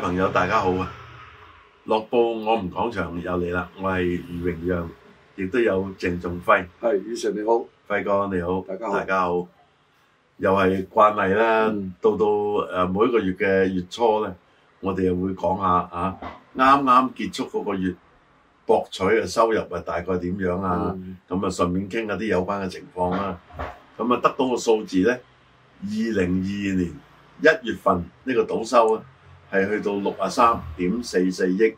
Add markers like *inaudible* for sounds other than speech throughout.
朋友大家好啊！樂報我哋講場又嚟啦，我係余榮陽，亦都有鄭仲輝。係余 Sir 你好，輝哥你好，大家好，大家好，又係慣例啦。到、到、誒每一個月嘅月初咧，我哋又會講下啊，啱啱結束嗰個月博取嘅收入啊，大概點樣啊？咁啊，順便傾下啲有關嘅情況啦。咁啊，得到個數字咧，二零二二年一月份呢個賭收咧，係去到六十三點四四億，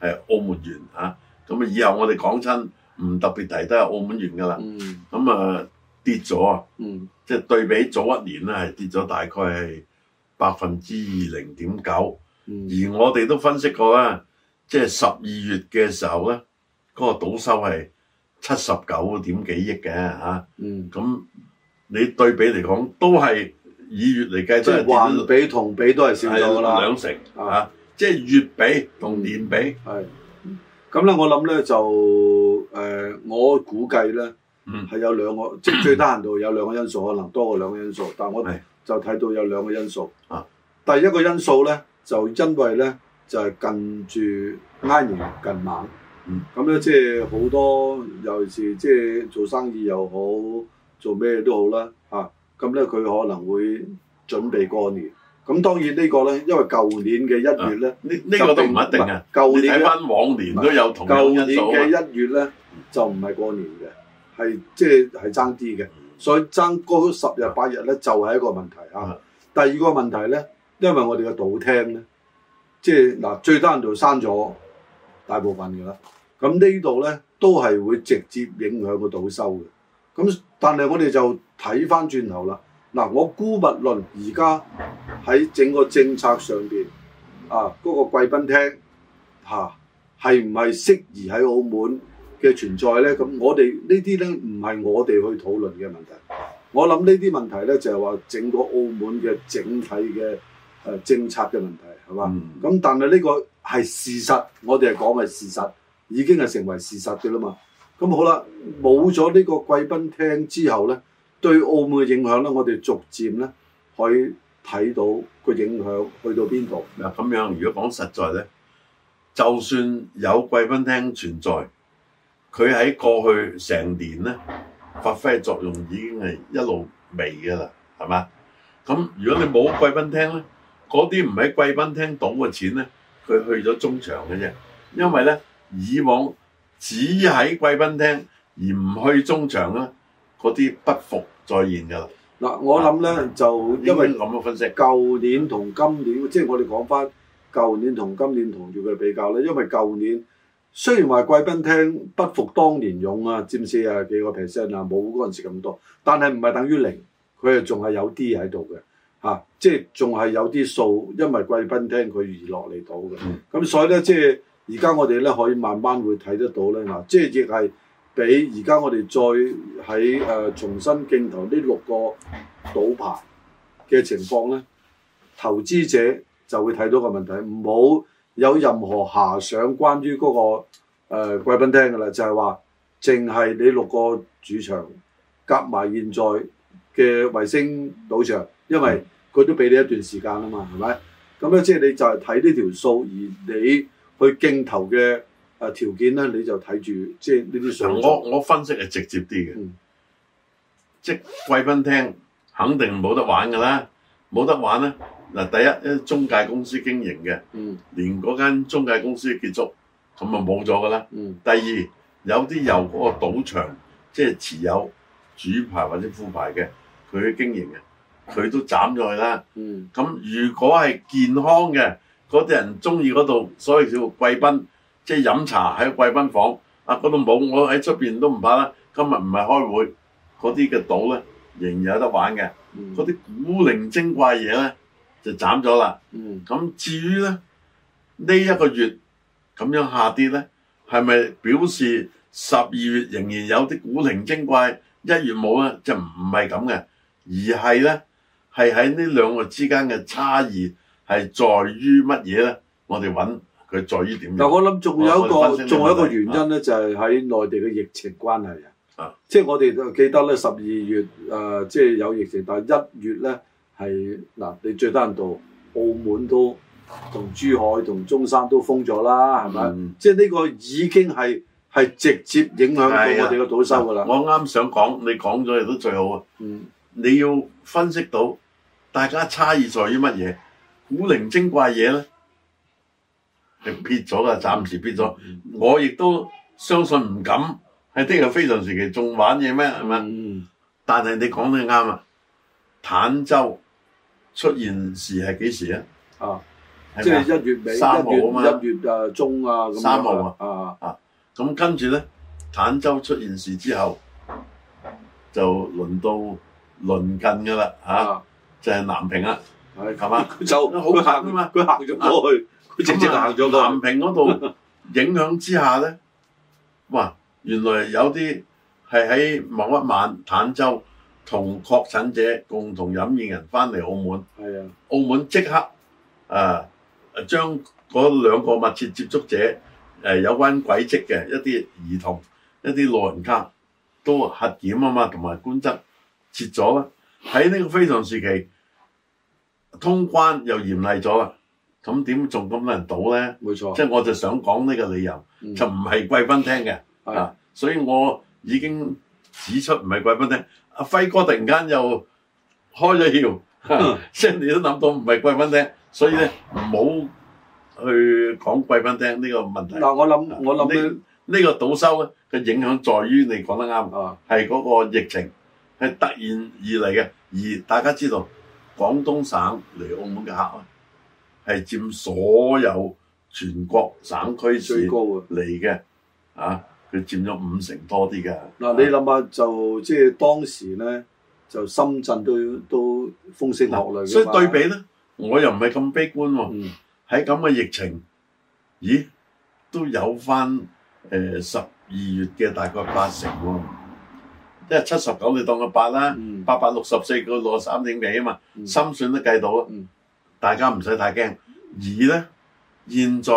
係澳門元啊！咁啊，以後我哋講親唔特別提都係澳門元噶啦。咁啊，跌咗啊，即、嗯、係、就是、對比早一年咧，係跌咗大概係百分之二零點九。而我哋都分析過啦，即係十二月嘅時候咧，嗰、那個賭收係七十九點幾億嘅啊。咁、嗯、你對比嚟講，都係。以月嚟計算，即係環比同比都係少咗噶啦。兩成、啊、即係月比同年比。咁、嗯、咧，我諗咧就誒、呃，我估計咧係有兩個，即係最低限度有兩個因素，可能多過兩個因素。但係我就睇到有兩個因素。啊，第一個因素咧就因為咧就係近住挨年近晚，咁咧、嗯嗯、即係好多尤其是即係做生意又好做咩都好啦，啊咁咧佢可能會準備過年，咁當然個呢個咧，因為舊年嘅一月咧，呢、嗯、呢、這個都唔一定啊。你睇翻往年都有同樣因素啊。舊年嘅一月咧、嗯、就唔係過年嘅，係即係係爭啲嘅，所以爭嗰十日八日咧就係、是、一個問題、嗯啊、第二個問題咧，因為我哋嘅賭廳咧，即係嗱，最多人就刪咗大部分嘅啦。咁呢度咧都係會直接影響個賭收嘅。咁但係我哋就睇翻轉頭啦，嗱，我姑勿論而家喺整個政策上邊啊，嗰、那個貴賓廳嚇係唔係適宜喺澳門嘅存在咧？咁我哋呢啲咧唔係我哋去討論嘅問題。我諗呢啲問題咧就係、是、話整個澳門嘅整體嘅誒、啊、政策嘅問題係嘛？咁、嗯、但係呢個係事實，我哋係講係事實，已經係成為事實嘅啦嘛。咁好啦，冇咗呢個貴賓廳之後咧。對澳門嘅影響咧，我哋逐漸咧可以睇到個影響去到邊度。嗱咁樣，如果講實在咧，就算有貴賓廳存在，佢喺過去成年咧發揮作用已經係一路微㗎啦，係嘛？咁如果你冇貴賓廳咧，嗰啲唔喺貴賓廳賭嘅錢咧，佢去咗中場嘅啫。因為咧，以往只喺貴賓廳而唔去中場啦。嗰啲不復再現㗎啦！嗱、啊，我諗咧、啊、就因為咁樣的分析，舊、就是、年同今年，即係我哋講翻舊年同今年同住佢嘅比較咧。因為舊年雖然話貴賓廳不復當年勇啊，佔四啊幾個 percent 啊，冇嗰陣時咁多，但係唔係等於零，佢係仲係有啲喺度嘅嚇，即係仲係有啲數，因為貴賓廳佢餘落嚟到嘅。咁、嗯、所以咧，即係而家我哋咧可以慢慢會睇得到咧。嗱，即係亦係。俾而家我哋再喺誒重新競投呢六個賭牌嘅情況咧，投資者就會睇到個問題，唔好有任何遐想關於嗰、那個誒、呃、貴賓廳㗎啦，就係話淨係你六個主場夾埋現在嘅衛星賭場，因為佢都俾你一段時間啊嘛，係咪？咁咧即係你就係睇呢條數，而你去競投嘅。誒、啊、條件咧，你就睇住，即係你都上。我我分析係直接啲嘅，嗯、即係貴賓廳肯定冇得玩㗎啦，冇得玩咧。嗱，第一，中介公司經營嘅，嗯、連嗰間中介公司結束，咁啊冇咗㗎啦。嗯、第二，有啲由嗰個賭場即係、嗯、持有主牌或者副牌嘅，佢去經營嘅，佢都斬咗去啦。咁、嗯、如果係健康嘅，嗰啲人中意嗰度，所以叫貴賓。即係飲茶喺貴賓房，啊嗰度冇，我喺出邊都唔怕啦。今日唔係開會，嗰啲嘅賭咧仍然有得玩嘅，嗰啲古靈精怪嘢咧就斬咗啦。咁至於咧呢一個月咁樣下跌咧，係咪表示十二月仍然有啲古靈精怪？一月冇咧就唔係咁嘅，而係咧係喺呢兩個之間嘅差異係在於乜嘢咧？我哋揾。佢在於點？但我諗仲有一個，仲、啊、有一個原因咧、啊，就係、是、喺內地嘅疫情關係啊。即係我哋記得咧，十二月即係、呃就是、有疫情，但一月咧係嗱，你最低度，澳門都同珠海同、啊、中山都封咗啦，係咪、嗯？即係呢個已經係係直接影響到我哋嘅賭收㗎啦。我啱、啊啊、想講，你講咗嘢都最好啊、嗯。你要分析到大家差異在於乜嘢？古靈精怪嘢咧。撇咗噶，暫時撇咗。我亦都相信唔敢，喺呢個非常時期仲玩嘢咩？係、嗯、咪？但係你講得啱啊！坦洲出現事係幾時啊？啊，即係一月尾三號啊！一月誒中啊，三號啊啊！咁跟住咧，坦洲出現事之後，就輪到鄰近噶啦吓，就係、是、南平啦。唉、啊，琴晚、啊、就佢行啊嘛，佢行咗過去。啊直接行咗到南平嗰度，影響之下咧，哇！原來有啲係喺某一晚坦洲同確診者共同飲宴，人翻嚟澳門，係啊！澳門即刻啊，將嗰兩個密切接觸者，誒有關軌跡嘅一啲兒童、一啲老人家都核檢啊嘛，同埋規則設咗啦。喺呢個非常時期，通關又嚴厲咗啦。咁點仲咁多人賭咧？冇錯，即、就、係、是、我就想講呢個理由，嗯、就唔係貴賓廳嘅啊，所以我已經指出唔係貴賓廳。阿、啊、輝哥突然間又開咗竅，即係 *laughs* 你都諗到唔係貴賓廳，所以咧唔好去講貴賓廳呢個問題。嗱、啊，我諗我諗呢呢個賭收嘅影響，在於你講得啱，係嗰個疫情係突然而嚟嘅，而大家知道廣東省嚟澳門嘅客。係佔所有全國省區市嚟嘅，最高嘅，啊，佢佔咗五成多啲㗎。嗱、啊，你諗下就即係當時咧，就深圳都都風聲鶴唳、啊、所以對比咧，我又唔係咁悲觀喎、啊。喺咁嘅疫情，咦，都有翻誒十二月嘅大概八成喎、啊。即係七十九，你當個八啦，八百六十四個攞三點幾啊嘛、嗯，深算都計到啦。嗯大家唔使太驚，而咧，現在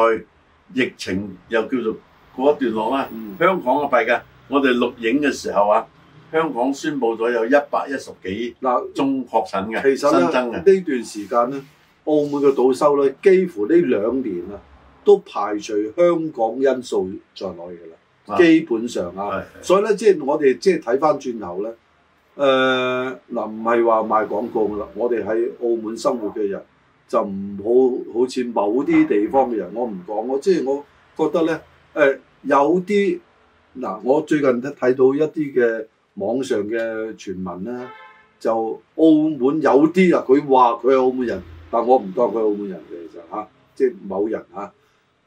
疫情又叫做過一段落啦。香港嘅弊嘅，我哋錄影嘅時候啊，香港宣布咗有一百一十幾嗱中確診嘅新增嘅。呢段時間咧，澳門嘅賭收咧，幾乎呢兩年啊都排除香港因素在內嘅啦，基本上啊，所以咧，即係我哋即係睇翻轉頭咧，誒嗱唔係話賣廣告嘅啦，我哋喺澳門生活嘅人。就唔好好似某啲地方嘅人，我唔講，我即係、就是、我覺得咧，誒有啲嗱，我最近睇到一啲嘅網上嘅傳聞啦，就澳門有啲嗱，佢話佢係澳門人，但我唔當佢係澳門人嘅，其實即係、啊就是、某人嚇。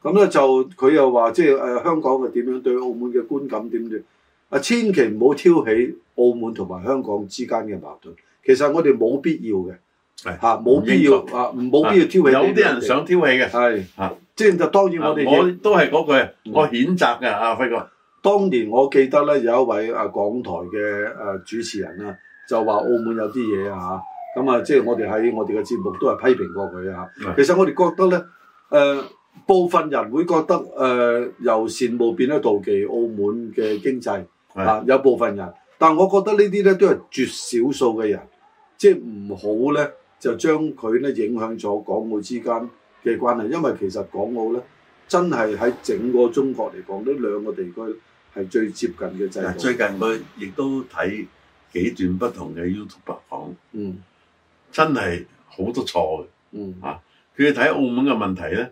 咁、啊、咧就佢又話，即係誒香港嘅點樣對澳門嘅觀感點點，啊千祈唔好挑起澳門同埋香港之間嘅矛盾。其實我哋冇必要嘅。係吓，冇必要啊！冇必要挑起的、啊，有啲人想挑起嘅係吓，即係、啊、就是、當然我哋、啊、我都係嗰句、嗯，我譴責嘅啊輝哥。當年我記得咧，有一位啊港台嘅誒主持人啦，就話澳門有啲嘢吓，咁啊即係、就是、我哋喺我哋嘅節目都係批評過佢啊吓。其實我哋覺得咧，誒、呃、部分人會覺得誒、呃、由羨慕變得妒忌澳門嘅經濟啊，有部分人，但係我覺得呢啲咧都係絕少數嘅人，即係唔好咧。就將佢咧影響咗港澳之間嘅關係，因為其實港澳咧真係喺整個中國嚟講，呢兩個地區係最接近嘅制度。最近佢亦都睇幾段不同嘅 YouTube 講，嗯，真係好多錯嘅，嗯啊，佢哋睇澳門嘅問題咧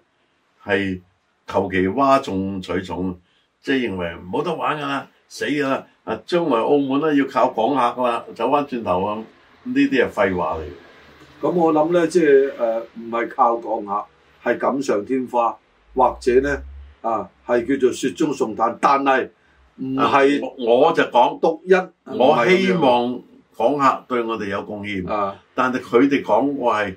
係求其嘩眾取寵，即係認為冇得玩㗎啦，死㗎啦！啊，將、啊、來澳門咧要靠港客啦，走翻轉頭啊，呢啲係廢話嚟。咁我諗咧，即係誒，唔係靠港客，係錦上添花，或者咧啊，係叫做雪中送炭。但係唔係，我就講獨一，我希望港客對我哋有貢獻。啊！但係佢哋講我係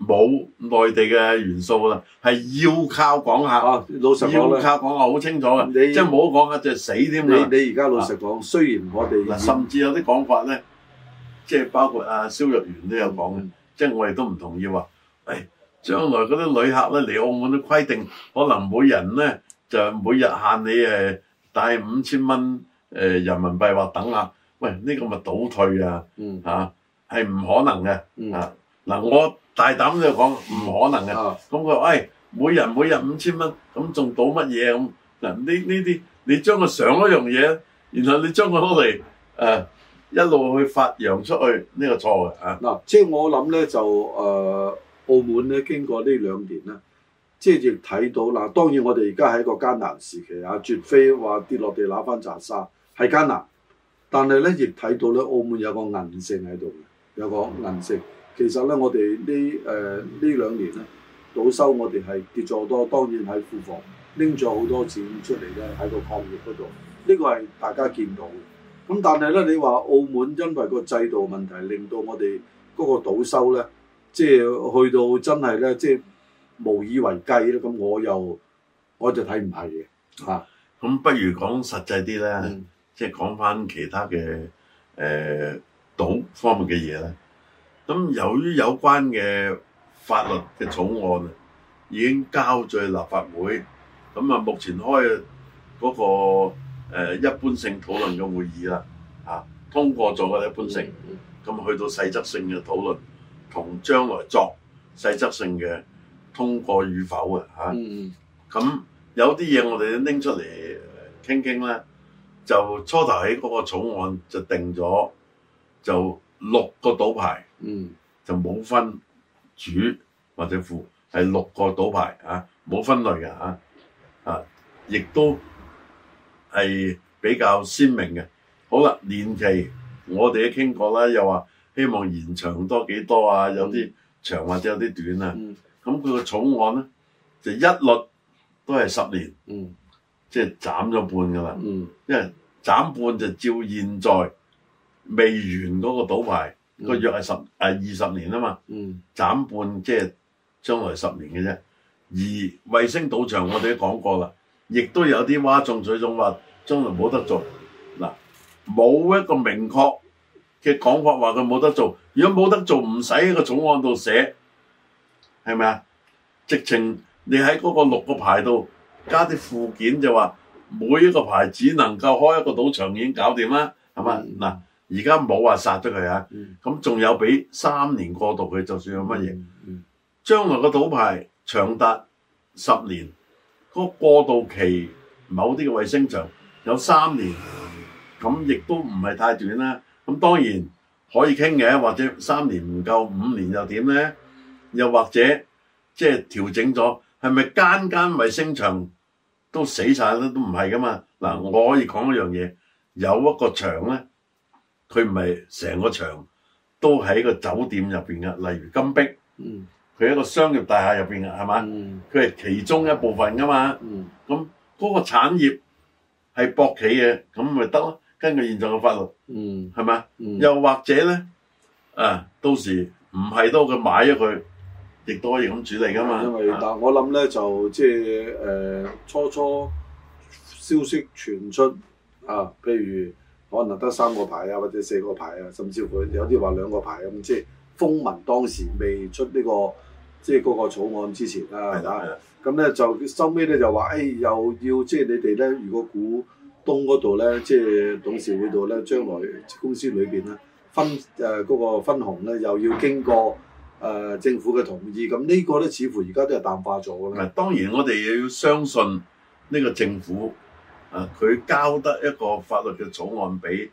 冇內地嘅元素啦，係要靠港客。老實講咧，要靠港客好清楚嘅，即係冇講嘅就係死添。你你而家老實講，雖然我哋甚至有啲講法咧。即係包括阿蕭若元都有講嘅，即係我哋都唔同意話，喂、哎，將來嗰啲旅客咧嚟澳門都規定，可能每人咧就每日限你誒帶五千蚊誒人民幣或等額，喂，呢、這個咪倒退啊，嚇係唔可能嘅、嗯，啊嗱，我大膽就講唔可能嘅，咁佢話，喂、嗯嗯哎，每人每日五千蚊，咁仲賭乜嘢咁？嗱呢呢啲，你將佢上一樣嘢，然後你將佢攞嚟誒。呃一路去發揚出去，呢、這個錯嘅啊！嗱，即係我諗咧就誒、呃，澳門咧經過呢兩年咧，即係亦睇到嗱。當然我哋而家喺個艱難時期啊，絕非話跌落地攞翻雜沙係艱難，但係咧亦睇到咧澳門有個韌性喺度有個韌性、嗯。其實咧，我哋呢誒呢兩年咧，賭收我哋係跌咗好多，當然喺庫房拎咗好多錢出嚟咧喺個抗疫嗰度，呢、這個係大家見到。咁但係咧，你話澳門因為個制度問題，令到我哋嗰個賭收咧，即、就、係、是、去到真係咧，即係無以為繼咧。咁我又我就睇唔係嘅。咁不如講實際啲咧，即係講翻其他嘅誒、欸、賭方面嘅嘢咧。咁由於有關嘅法律嘅草案、嗯、已經交咗立法會，咁啊目前開嗰、那個。誒、呃、一般性討論嘅會議啦，嚇、啊、通過咗嘅一般性，咁去到細則性嘅討論同將來作細則性嘅通過與否啊嚇，咁、嗯、有啲嘢我哋拎出嚟傾傾咧，就初頭喺嗰個草案就定咗，就六個賭牌，就冇分主或者副，係六個賭牌啊，冇分類嘅嚇，啊，亦、啊、都。係比較鮮明嘅。好啦，年期我哋都傾過啦，又話希望延長多幾多啊？有啲長或者有啲短啊。咁佢個草案咧，就一律都係十年。嗯，即係斬咗半㗎啦。嗯，因為斬半就照現在未完嗰個賭牌個、嗯、約係十誒二十年啊嘛。嗯，斬半即係將來十年嘅啫。而衞星賭場我哋都講過啦。亦都有啲嘩眾取眾，話將來冇得做，嗱，冇一個明確嘅講法話佢冇得做。如果冇得做，唔使喺個草案度寫，係咪啊？直情你喺嗰個六個牌度加啲附件就話每一個牌只能夠開一個賭場已經搞掂啦，係嘛？嗱，而家冇話殺咗佢啊，咁仲有俾三年過渡佢，就算有乜嘢，將來個賭牌長達十年。嗰個過渡期，某啲嘅衞星場有三年，咁亦都唔係太短啦。咁當然可以傾嘅，或者三年唔夠，五年又點呢？又或者即係、就是、調整咗，係咪間間衞星場都死晒咧？都唔係噶嘛。嗱，我可以講一樣嘢，有一個場呢，佢唔係成個場都喺個酒店入邊噶，例如金碧。嗯佢一個商業大廈入邊嘅係嘛？佢係、嗯、其中一部分㗎嘛？咁、嗯、嗰個產業係博企嘅，咁咪得咯？根據現狀嘅法律，係、嗯、咪、嗯？又或者咧，啊，到時唔係都佢買咗佢，亦都可以咁處理㗎嘛？因為，但我諗咧就即係誒初初消息傳出啊，譬如可能得三個牌啊，或者四個牌啊，甚至乎有啲話兩個牌咁、啊嗯，即係風聞當時未出呢、這個。即係嗰個草案之前啦，咁咧、啊、就收尾咧就話，誒、哎、又要即係、就是、你哋咧，如果股東嗰度咧，即、就、係、是、董事會度咧，將來公司裏邊咧分誒嗰、呃那個分紅咧，又要經過、呃、政府嘅同意，咁呢個咧似乎而家都係淡化咗㗎啦。當然，我哋要相信呢個政府，佢、啊、交得一個法律嘅草案俾立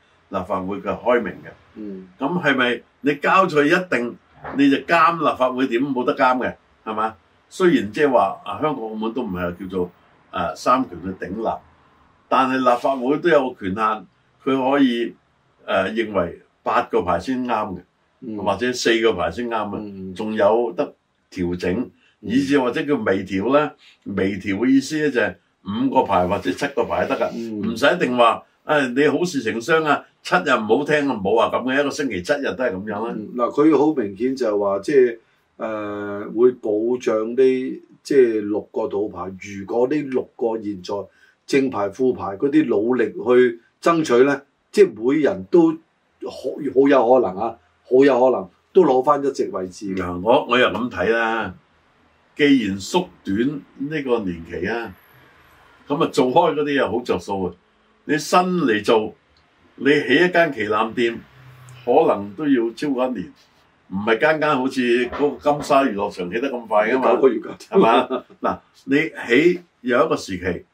法會嘅開明嘅。嗯，咁係咪你交咗一定？你就監立法會點冇得監嘅，係嘛？雖然即係話啊，香港、澳門都唔係叫做啊三權嘅頂立，但係立法會都有個權限，佢可以誒、呃、認為八個牌先啱嘅，或者四個牌先啱啊，仲、嗯、有得調整，以至或者叫微調咧。微調嘅意思咧就係五個牌或者七個牌得噶，唔、嗯、使一定話。誒、哎，你好，事成雙啊！七日唔好聽啊，唔好話咁嘅，一個星期七日都係咁樣啦、啊。嗱、嗯，佢好明顯就話即係誒、呃，會保障啲即係六個賭牌。如果呢六個現在正牌副牌嗰啲努力去爭取咧，即係每人都好好有可能啊，好有可能都攞翻一席位置、嗯。我我又咁睇啦。既然縮短呢個年期啊，咁啊做開嗰啲又好着數啊。你新嚟做，你起一間旗艦店，可能都要超過一年，唔係間間好似嗰個金沙娛樂場起得咁快噶嘛？九個月搞掂，係嘛？嗱，你起有一個時期，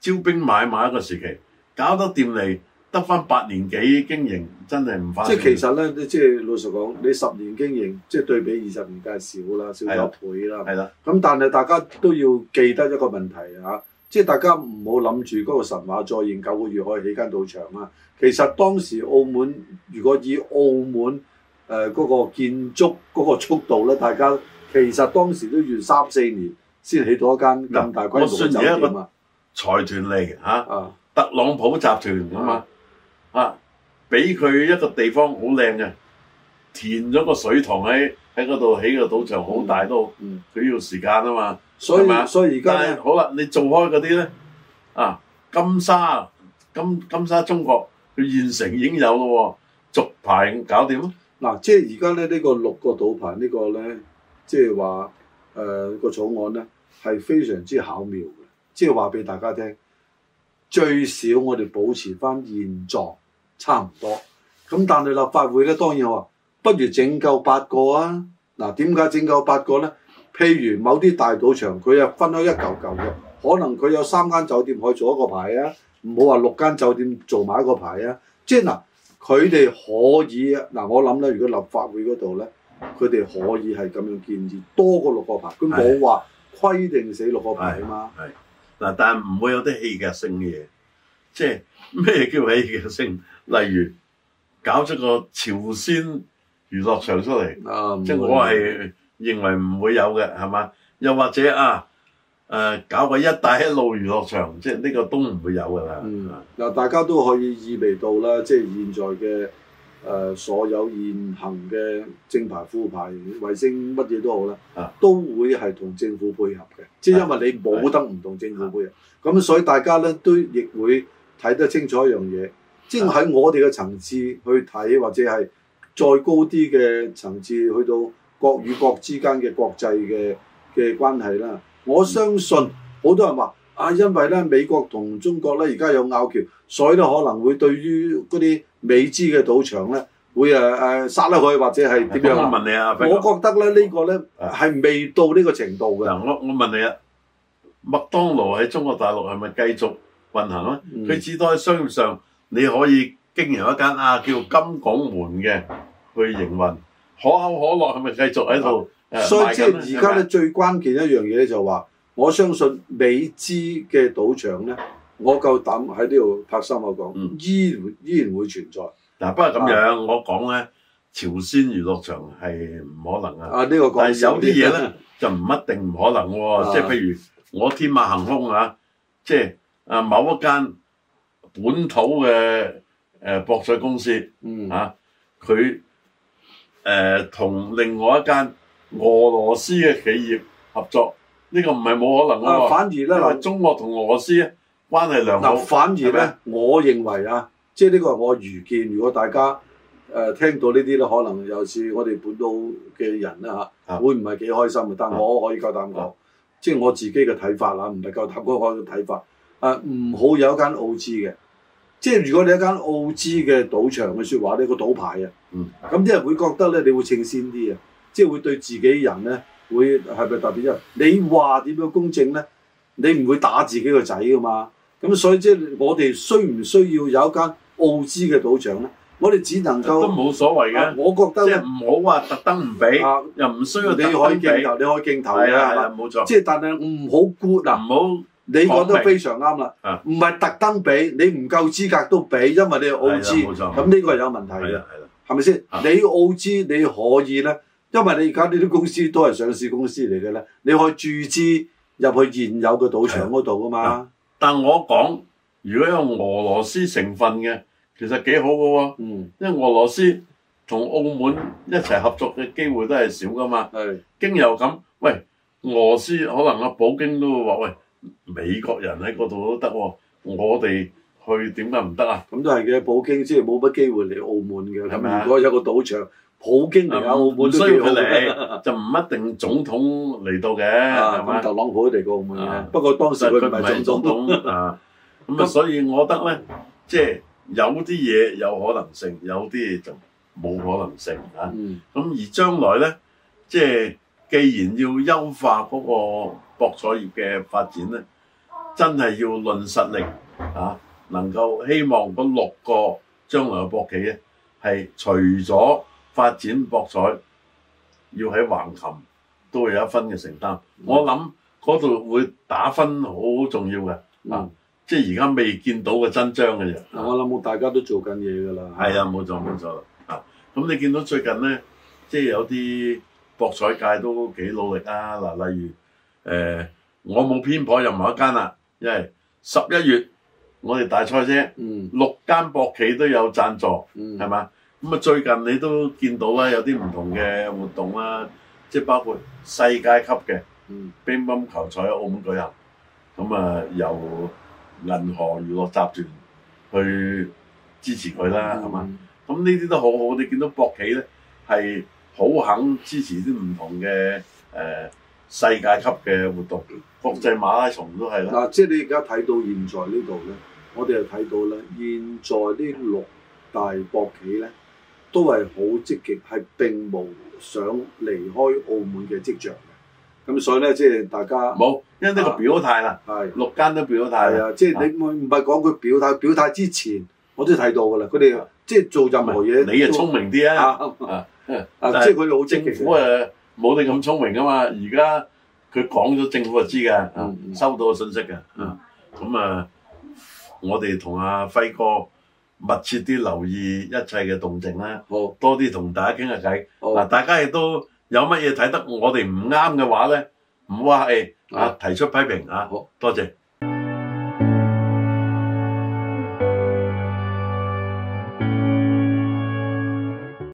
招兵買馬一個時期，搞得掂嚟，得翻八年幾經營，真係唔快。即係其實咧，即係老實講，你十年經營，即係對比二十年，梗係少啦，少咗一倍啦。係啦。咁但係大家都要記得一個問題啊。即係大家唔好諗住嗰個神話，再現九個月可以起間賭場啦。其實當時澳門如果以澳門誒嗰個建築嗰個速度咧，大家其實當時都要三四年先起到一間咁大規模嘅酒店一啊。財團嚟嚇，特朗普集團啊嘛，啊俾佢一個地方好靚嘅，填咗個水塘喺。喺嗰度起個賭場好大都，佢、嗯嗯、要時間啊嘛，所咪所以而家咧，好啦，你做開嗰啲咧，啊，金沙、金金沙中國，佢現成已經有咯，續牌搞掂咯。嗱、啊，即係而家咧呢、呢個六個賭牌個呢個咧，即係話誒個草案咧係非常之巧妙嘅，即係話俾大家聽，最少我哋保持翻現狀差唔多，咁但係立法會咧當然我。不如整夠八個啊！嗱、啊，點解整夠八個咧？譬如某啲大賭場，佢又分開一嚿嚿嘅，可能佢有三間酒店可以做一個牌啊，唔好話六間酒店做埋一個牌啊。即、就、嗱、是，佢、啊、哋可以嗱、啊，我諗咧，如果立法會嗰度咧，佢哋可以係咁樣建議多過六個牌，佢冇話規定死六個牌啊嘛。嗱，但係唔會有啲戲劇性嘅嘢，即係咩叫戲劇性？例如搞出個朝鮮。娛樂場出嚟、啊，即係我係認為唔會有嘅，係、啊、嘛？又或者啊，誒搞個一帶一路娛樂場，即係呢個都唔會有噶啦。嗱、嗯，大家都可以預備到啦，即、就、係、是、現在嘅誒、呃、所有現行嘅正牌、副牌、衛星乜嘢都好啦、啊，都會係同政府配合嘅、啊。即係因為你冇得唔同政府配合，咁、啊啊、所以大家咧都亦會睇得清楚一樣嘢。即係喺我哋嘅層次去睇，或者係。再高啲嘅層次，去到各與各之間的國與國之間嘅國際嘅嘅關係啦。我相信好多人話啊，因為咧美國同中國咧而家有拗撬，所以咧可能會對於嗰啲美資嘅賭場咧，會誒誒殺得佢或者係點樣、嗯？我問你啊，我覺得咧呢、這個咧係、啊、未到呢個程度嘅。嗱，我我問你啊，麥當勞喺中國大陸係咪繼續運行啊？佢至多喺商業上你可以。經營一間啊，叫金港門嘅去營運，可口可樂，係咪繼續喺度？所以即係而家咧，最關鍵一樣嘢咧就話、是，我相信美資嘅賭場咧，我夠膽喺呢度拍心口講，依然依然會存在。嗱、嗯，嗯嗯、但不過咁樣我講咧，朝鮮娛樂場係唔可能啊。啊，這個、是有些呢個講，有啲嘢咧就唔一定唔可能喎，即係譬如我天馬行空啊，嗯、即係啊某一間本土嘅。誒博彩公司嚇，佢誒同另外一間俄羅斯嘅企業合作，呢、這個唔係冇可能噶。反而咧，話中國同俄羅斯關係良好。反而咧，我認為啊，即係呢個是我愚見，如果大家誒、呃、聽到呢啲咧，可能有時我哋本土嘅人咧、啊、嚇、啊，會唔係幾開心嘅。但我可以夠膽講，即、啊、係、就是、我自己嘅睇法啦、啊，唔係夠膽嗰嘅睇法。誒、啊，唔好有一間澳資嘅。即係如果你一間澳資嘅賭場嘅説話咧，你個賭牌啊，咁、嗯、啲人會覺得咧，你會稱仙啲啊，即、嗯、係會對自己人咧，會係咪特別？因你話點樣公正咧，你唔會打自己個仔噶嘛。咁所以即係我哋需唔需要有一間澳資嘅賭場咧？我哋只能夠都冇所謂嘅、啊，我覺得即唔好話特登唔俾，又唔需要特登俾你開鏡頭，你開鏡頭啊，冇錯。即係但係唔好酷嗱，唔好。你講得非常啱啦，唔係特登俾你，唔夠資格都俾，因為你係澳資，咁呢個係有問題嘅，係咪先？你澳資你可以咧，因為你而家呢啲公司都係上市公司嚟嘅咧，你可以注資入去現有嘅賭場嗰度㗎嘛。但我講，如果有俄羅斯成分嘅，其實幾好嘅喎、嗯，因為俄羅斯同澳門一齊合作嘅機會都係少㗎嘛。經由咁，喂，俄羅斯可能阿普京都會話喂。美國人喺嗰度都得喎，我哋去點解唔得啊？咁都係嘅，普京即係冇乜機會嚟澳門嘅。咁如果有一個賭場，普京嚟下、嗯、澳門都要佢嚟，就唔一定總統嚟到嘅、嗯。特朗普嚟過澳門嘅、嗯，不過當時佢唔係總統啊。咁啊， *laughs* 所以我覺得咧，即、就、係、係、有啲嘢有可能性，有啲嘢就冇可能性、嗯、啊。咁而將來咧，即係。既然要優化嗰個博彩業嘅發展咧，真係要論實力啊！能夠希望嗰六個將來嘅博企咧，係除咗發展博彩，要喺橫琴都會有一分嘅承擔、嗯。我諗嗰度會打分好重要嘅啊、嗯！即係而家未見到嘅真章嘅嘢。我、嗯、諗，啊、大家都做緊嘢噶啦。係啊，冇錯冇錯啊！咁你見到最近咧，即係有啲。博彩界都幾努力啊！嗱，例如、呃、我冇偏頗任何一間啦，因為十一月我哋大賽車、嗯，六間博企都有贊助，係、嗯、嘛？咁啊，最近你都見到啦，有啲唔同嘅活動啦，即係、嗯、包括世界級嘅、嗯、乒乓球賽喺澳門舉行，咁啊由銀河娛樂集團去支持佢啦，係、嗯、嘛？咁呢啲都好好，你見到博企咧係好肯支持啲唔同嘅、誒世界級嘅活動嘅，國際馬拉松都係啦。嗱、嗯，即係你而家睇到現在呢度咧，我哋就睇到咧，現在呢六大博企咧都係好積極，係並冇想離開澳門嘅跡象嘅。咁所以咧，即係大家冇，因為呢個表態啦、啊啊，六間都表態啊。即係你唔係講佢表態、啊，表態之前我都睇到噶啦，佢哋、啊、即係做任何嘢，你係聰明啲啊！ *laughs* 啊啊，啊！即係佢老精奇，政府冇你咁聰明啊嘛！而家佢講咗，政府就知㗎、嗯，收到個信息嘅。咁、嗯、啊，啊，我哋同阿輝哥密切啲留意一切嘅動靜啦、啊。好，多啲同大家傾下偈。嗱、啊，大家亦都有乜嘢睇得我哋唔啱嘅話咧，唔好話啊，提出批評啊。好，多謝。